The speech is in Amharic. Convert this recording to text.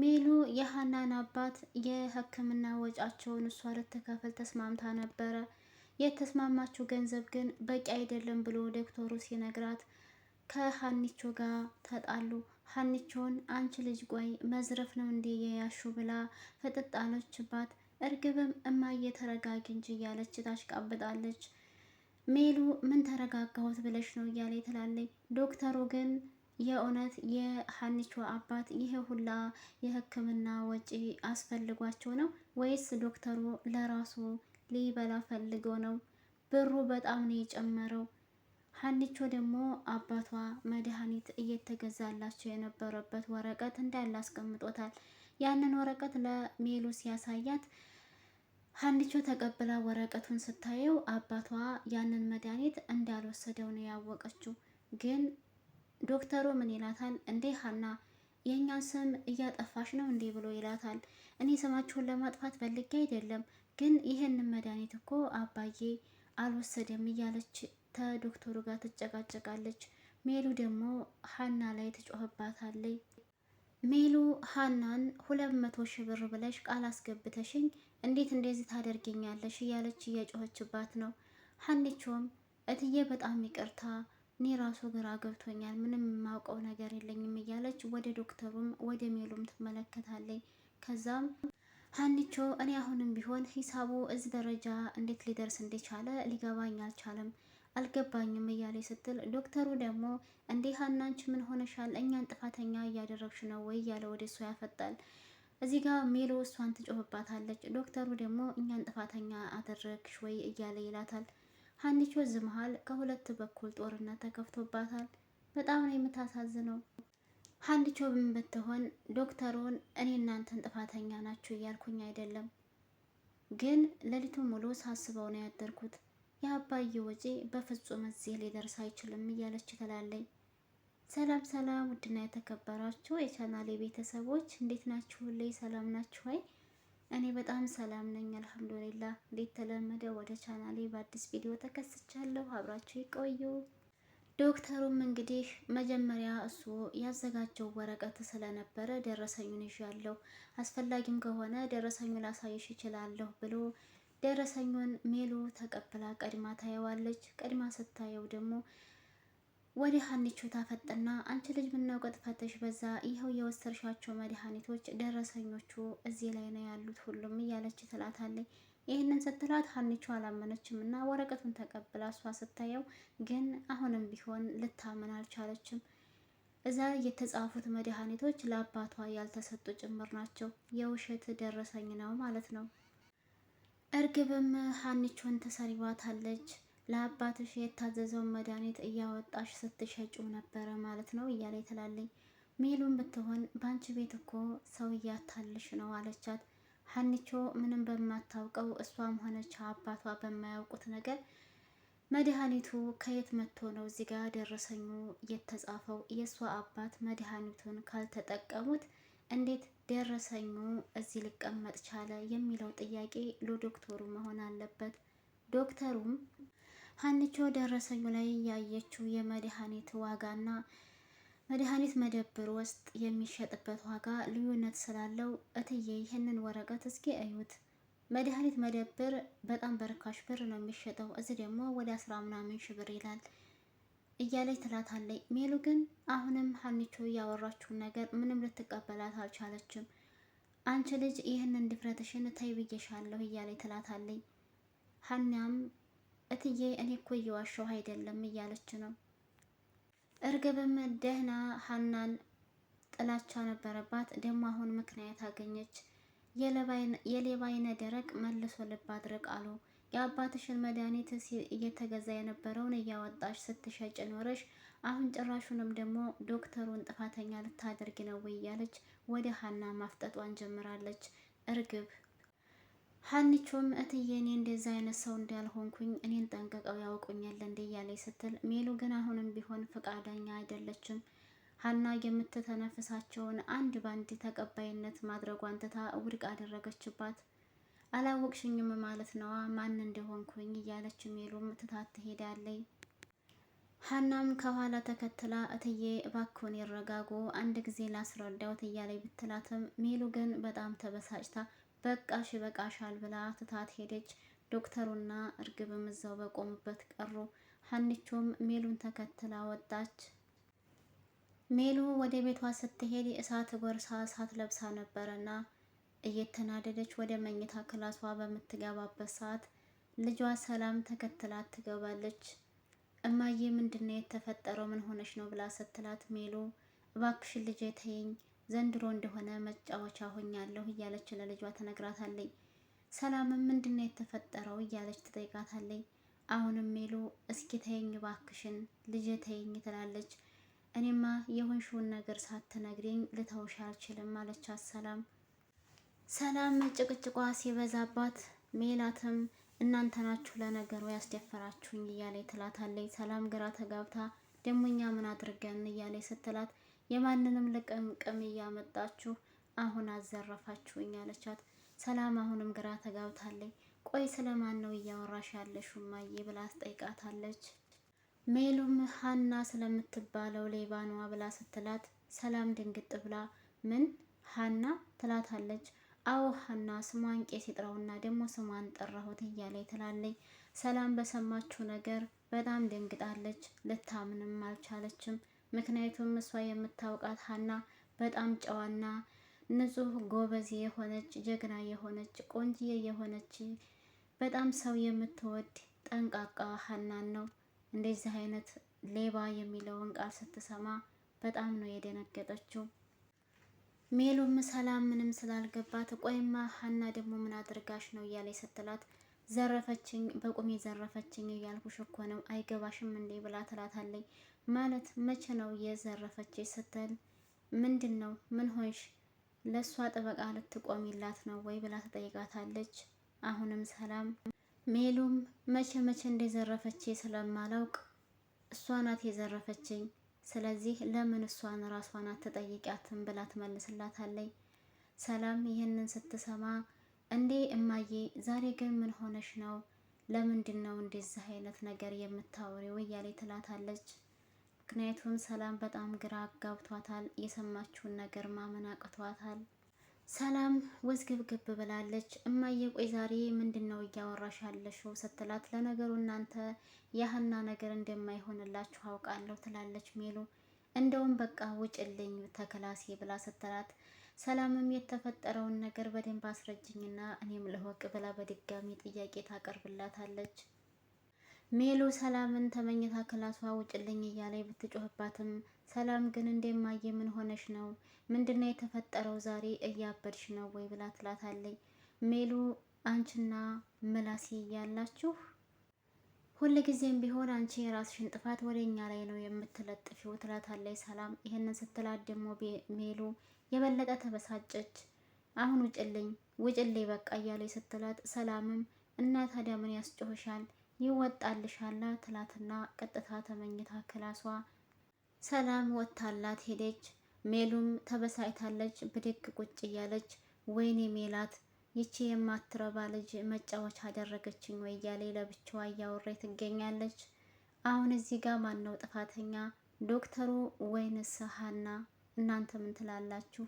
ሜሉ የሀናን አባት የሕክምና ወጫቸውን እሷ ልትከፍል ተስማምታ ነበረ። የተስማማችው ገንዘብ ግን በቂ አይደለም ብሎ ዶክተሩ ሲነግራት ከሀኒቾ ጋር ተጣሉ። ሀኒቾን አንቺ ልጅ ቆይ መዝረፍ ነው እንዴ የያሹ ብላ ፍጥጥ አለችባት። እርግብም እማዬ ተረጋጊ እንጂ እያለች ታሽቃብጣለች። ሜሉ ምን ተረጋጋሁት ብለሽ ነው እያለ ትላለች። ዶክተሩ ግን የእውነት የሀንቾ አባት ይሄ ሁላ የሕክምና ወጪ አስፈልጓቸው ነው ወይስ ዶክተሩ ለራሱ ሊበላ ፈልገው ነው? ብሩ በጣም ነው የጨመረው። ሀኒቾ ደግሞ አባቷ መድኃኒት እየተገዛላቸው የነበረበት ወረቀት እንዳለ አስቀምጦታል። ያንን ወረቀት ለሜሉ ሲያሳያት ሀኒቾ ተቀብላ ወረቀቱን ስታየው አባቷ ያንን መድኃኒት እንዳልወሰደው ነው ያወቀችው ግን ዶክተሩ ምን ይላታል? እንዴ ሀና የእኛን ስም እያጠፋሽ ነው እንዴ ብሎ ይላታል። እኔ ስማችሁን ለማጥፋት ፈልጌ አይደለም፣ ግን ይህንን መድኃኒት እኮ አባዬ አልወሰደም እያለች ከዶክተሩ ጋር ትጨቃጨቃለች። ሜሉ ደግሞ ሀና ላይ ትጮህባታለች። ሜሉ ሀናን ሁለት መቶ ሺህ ብር ብለሽ ቃል አስገብተሽኝ እንዴት እንደዚህ ታደርገኛለሽ እያለች እየጮኸችባት ነው። ሀኒቾም እትዬ በጣም ይቅርታ እኔ ራሱ ግራ ገብቶኛል፣ ምንም የማውቀው ነገር የለኝም እያለች ወደ ዶክተሩም ወደ ሜሉም ትመለከታለች። ከዛም ሀንቾ እኔ አሁንም ቢሆን ሂሳቡ እዚህ ደረጃ እንዴት ሊደርስ እንደቻለ ሊገባኝ አልቻለም አልገባኝም እያለ ስትል ዶክተሩ ደግሞ እንዴ ሀናንች ምን ሆነሻል? እኛን ጥፋተኛ እያደረግሽ ነው ወይ እያለ ወደ እሷ ያፈጣል። እዚህ ጋር ሜሎ እሷን ትጮህባታለች። ዶክተሩ ደግሞ እኛን ጥፋተኛ አደረግሽ ወይ እያለ ይላታል። ሀኒቾ እዚህ መሀል ከሁለት በኩል ጦርነት ተከፍቶባታል። በጣም ነው የምታሳዝነው። ሀኒቾ ምን ብትሆን ዶክተሩን እኔ እናንተን ጥፋተኛ ናችሁ እያልኩኝ አይደለም፣ ግን ሌሊቱ ሙሉ ሳስበው ነው ያደርኩት። የአባዬ ወጪ በፍጹም እዚህ ሊደርስ አይችልም እያለች ትላለኝ። ሰላም ሰላም! ውድና የተከበራችሁ የቻናሌ ቤተሰቦች እንዴት ሁሌ ሰላም ናችሁ ወይ? እኔ በጣም ሰላም ነኝ፣ አልሐምዱሊላ። እንደተለመደው ወደ ቻናሌ በአዲስ ቪዲዮ ተከስቻለሁ። አብራችሁ ይቆዩ። ዶክተሩም እንግዲህ መጀመሪያ እሱ ያዘጋጀው ወረቀት ስለነበረ ደረሰኙን ይዣለሁ፣ አስፈላጊም ከሆነ ደረሰኙን ላሳይሽ ይችላለሁ ብሎ ደረሰኙን ሜሉ ተቀብላ ቀድማ ታየዋለች። ቀድማ ስታየው ደግሞ ወደ ሀኒቾ ታፈጥና አንቺ ልጅ ምነው ቅጥፈትሽ በዛ? ይኸው የወሰድሻቸው መድኃኒቶች ደረሰኞቹ እዚህ ላይ ነው ያሉት ሁሉም እያለች ትላታለች። ይህንን ስትላት ሀኒቾ አላመነችም እና ወረቀቱን ተቀብላ እሷ ስታየው ግን አሁንም ቢሆን ልታምን አልቻለችም። እዛ የተጻፉት መድኃኒቶች ለአባቷ ያልተሰጡ ጭምር ናቸው። የውሸት ደረሰኝ ነው ማለት ነው። እርግብም ሀኒቾን ተሰሪባታለች። ለአባትሽ የታዘዘውን መድኃኒት እያወጣሽ ስትሸጩ ነበረ ማለት ነው እያለ ትላለኝ። ሜሉን ብትሆን በአንቺ ቤት እኮ ሰው እያታልሽ ነው አለቻት። ሀኒቾ ምንም በማታውቀው እሷም ሆነች አባቷ በማያውቁት ነገር መድኃኒቱ ከየት መጥቶ ነው እዚህ ጋር ደረሰኙ የተጻፈው? የእሷ አባት መድኃኒቱን ካልተጠቀሙት እንዴት ደረሰኙ እዚህ ሊቀመጥ ቻለ የሚለው ጥያቄ ለዶክተሩ መሆን አለበት። ዶክተሩም ሀንቾ ደረሰኙ ላይ ያየችው የመድኃኒት ዋጋና መድኃኒት መደብር ውስጥ የሚሸጥበት ዋጋ ልዩነት ስላለው እትዬ ይህንን ወረቀት እስኪ እዩት። መድኃኒት መደብር በጣም በርካሽ ብር ነው የሚሸጠው፣ እዚህ ደግሞ ወደ አስራ ምናምን ሺህ ብር ይላል እያለች ትላታለች። ሜሉ ግን አሁንም ሀንቾ እያወራችውን ነገር ምንም ልትቀበላት አልቻለችም። አንቺ ልጅ ይህንን ድፍረትሽን ተይ ብዬሻለሁ እያለች ትላታለች። እትዬ እኔ እኮ እየዋሸሁ አይደለም እያለች ነው። እርግብም ደህና ሀናን ጥላቻ ነበረባት። ደግሞ አሁን ምክንያት አገኘች። የሌባ አይነ ደረቅ መልሶ ልብ አድርቅ አሉ። የአባትሽን መድኃኒት እየተገዛ የነበረውን እያወጣሽ ስትሸጭ ኖረሽ፣ አሁን ጭራሹንም ደግሞ ዶክተሩን ጥፋተኛ ልታደርጊ ነው እያለች ወደ ሀና ማፍጠጧን ጀምራለች እርግብ ሀኒቾም እትዬ እኔ እንደዚ አይነት ሰው እንዳልሆንኩኝ እኔን ጠንቅቀው ያውቁኛል እንዴ እያለች ስትል፣ ሜሉ ግን አሁንም ቢሆን ፈቃደኛ አይደለችም። ሀና የምትተነፍሳቸውን አንድ ባንድ ተቀባይነት ማድረጓን ትታ ውድቅ አደረገችባት። አላወቅሽኝም ማለት ነዋ ማን እንደሆንኩኝ እያለች ሜሉም ትታት ትሄዳለች። ሀናም ከኋላ ተከትላ እትዬ እባክዎን ይረጋጉ፣ አንድ ጊዜ ላስረዳዎት እያለይ ብትላትም ሜሉ ግን በጣም ተበሳጭታ በቃሽ በቃሻል ብላ ትታት ሄደች። ዶክተሩና እርግብም እዛው በቆሙበት ቀሩ። ሀንቾም ሜሉን ተከትላ ወጣች። ሜሉ ወደ ቤቷ ስትሄድ የእሳት ጎርሳ እሳት ለብሳ ነበረና እየተናደደች ወደ መኝታ ክላሷ በምትገባበት ሰዓት ልጇ ሰላም ተከትላ ትገባለች። እማዬ ምንድነው የተፈጠረው? ምን ሆነች ነው ብላ ስትላት ሜሉ እባክሽን ልጄ ተይኝ ዘንድሮ እንደሆነ መጫወቻ ሆኛለሁ እያለች ለልጇ ተነግራታለኝ። ሰላምም ምንድነው የተፈጠረው እያለች ትጠይቃታለኝ። አሁንም ሚሉ እስኪ ተይኝ ባክሽን ልጅ ተይኝ ትላለች። እኔማ የሆንሽውን ነገር ሳትነግሪኝ ልተውሽ አልችልም አለቻት ሰላም። ሰላም ጭቅጭቋ ሲበዛባት ሜላትም እናንተ ናችሁ ለነገሩ ያስደፈራችሁኝ እያለ ትላታለኝ። ሰላም ግራ ተጋብታ ደሞኛ ምን አድርገን እያለ ስትላት የማንንም ልቅምቅም እያመጣችሁ አሁን አዘረፋችሁኝ አለቻት። ሰላም አሁንም ግራ ተጋብታለች። ቆይ ስለማን ነው እያወራሽ ያለሽ እማዬ ብላ አስጠይቃታለች። ሜሉም ሀና ስለምትባለው ሌባ ነዋ ብላ ስትላት ሰላም ድንግጥ ብላ ምን ሀና ትላታለች። አዎ ሀና ስሟን ቄስ ይጥራውና ደግሞ ስሟን ጠራሁት እያለኝ ትላለች። ሰላም በሰማችው ነገር በጣም ደንግጣለች። ልታምንም አልቻለችም። ምክንያቱም እሷ የምታውቃት ሀና በጣም ጨዋና ንጹህ ጎበዝ የሆነች ጀግና የሆነች ቆንጅዬ የሆነች በጣም ሰው የምትወድ ጠንቃቃ ሀናን ነው። እንደዚህ አይነት ሌባ የሚለውን ቃል ስትሰማ በጣም ነው የደነገጠችው። ሜሉም ሰላም ምንም ስላልገባት ቆይማ ሀና ደግሞ ምን አድርጋሽ ነው እያለ ስትላት ዘረፈችኝ፣ በቁሜ ዘረፈችኝ እያልኩሽ እኮ ነው አይገባሽም እንዴ ብላ ትላታለኝ። ማለት መቼ ነው የዘረፈች ስትል ምንድን ነው ምን ሆንሽ? ለእሷ ጥበቃ ልትቆሚላት ነው ወይ ብላ ትጠይቃታለች። አሁንም ሰላም ሜሉም መቼ መቼ እንደዘረፈች ስለማላውቅ እሷ ናት የዘረፈችኝ፣ ስለዚህ ለምን እሷን ራሷ ናት ትጠይቂያትን ብላ ትመልስላታለኝ። ሰላም ይህንን ስትሰማ እንዴ እማዬ፣ ዛሬ ግን ምን ሆነሽ ነው? ለምንድን ነው እንደዚህ አይነት ነገር የምታወሪው? እያሌ ትላታለች። ምክንያቱም ሰላም በጣም ግራ አጋብቷታል። የሰማችውን ነገር ማመን አቅቷታል። ሰላም ወዝግብግብ ብላለች። እማዬ ቆይ ዛሬ ምንድን ነው እያወራሽ ያለሽው? ስትላት ለነገሩ እናንተ ያህና ነገር እንደማይሆንላችሁ አውቃለሁ ትላለች ሜሉ እንደውም በቃ ውጭልኝ ተከላሴ ብላ ስትላት ሰላምም የተፈጠረውን ነገር በደንብ አስረጅኝና እኔም ልወቅ ብላ በድጋሚ ጥያቄ ታቀርብላታለች። ሜሉ ሰላምን ተመኝታ ክላሷ ውጭልኝ እያለ ብትጮህባትም ሰላም ግን እንደማየ ምን ሆነሽ ነው? ምንድነው የተፈጠረው? ዛሬ እያበድሽ ነው ወይ ብላ ትላታለች። ሜሉ አንቺና ምላሴ እያላችሁ ጊዜም ቢሆን አንቺ የራስሽን ጥፋት ወደ እኛ ላይ ነው የምትለጥፊው ትላታለች ሰላም። ይህንን ስትላት ደግሞ ሜሉ የበለጠ ተበሳጨች። አሁን ውጭልኝ ውጭልኝ በቃ እያለች ስትላት ሰላምም እና ታዲያ ምን ያስጮህሻል ይወጣልሻላ ትላትና ቀጥታ ተመኝታ ክላሷ ሰላም ወጥታላት ሄደች። ሜሉም ተበሳጭታለች ብድግ ቁጭ እያለች ወይኔ ሜላት ይቺ የማትረባ ልጅ መጫወቻ አደረገችኝ ወይ እያለ ለብቻዋ እያወራ ትገኛለች። አሁን እዚህ ጋር ማን ነው ጥፋተኛ? ዶክተሩ ወይንስ ሀና? እናንተ ምን ትላላችሁ?